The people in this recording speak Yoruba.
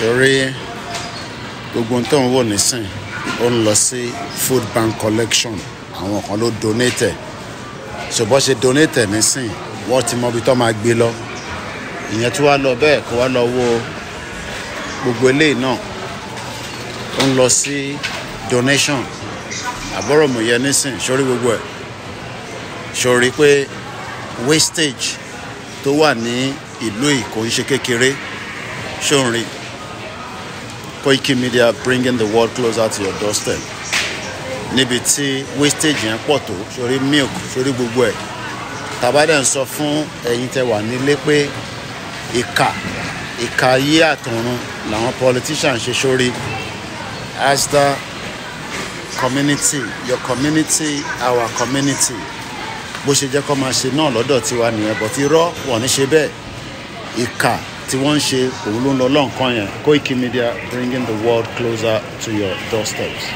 sórí gbogbo tó ń wò nísìn ó ń lọ sí food bank collection àwọn kan ló donate ṣùgbọ́n ṣe donate nísìn wọ́n ti mọ ibi tó máa gbé lọ ìyẹn tó wá lọ bẹ́ẹ̀ kó wá lọ wo gbogbo eléyìí náà ó ń lọ sí donation àbọ̀rọ̀ mò yẹ nísìn sórí gbogbo ẹ̀ sórí pé wastage tó wà ní ìlú yìí kò ń ṣe kékeré ṣó Koiki Media bringing the world closer to your doorstep níbi tí wastage yẹn pọ̀ tó sórí milk sórí gbogbo ẹ̀ tàbádẹ́ ń sọ fún ẹ̀yin tẹ́ wà nílé pé ìka ìka ayé àtọ̀run làwọn politician ṣe sórí Asda. community your community our community bó ṣe jẹ́ kó máa ṣe náà lọ́dọ̀ tiwa nìyẹn bọ̀ ti rọ́ wọ́n ní ṣe bẹ́ẹ̀ ìka tí wọ́n ń ṣe òun ló ń lọ lọ́nkàn yẹn Koiki Media bringing the world closer to your doorsteps.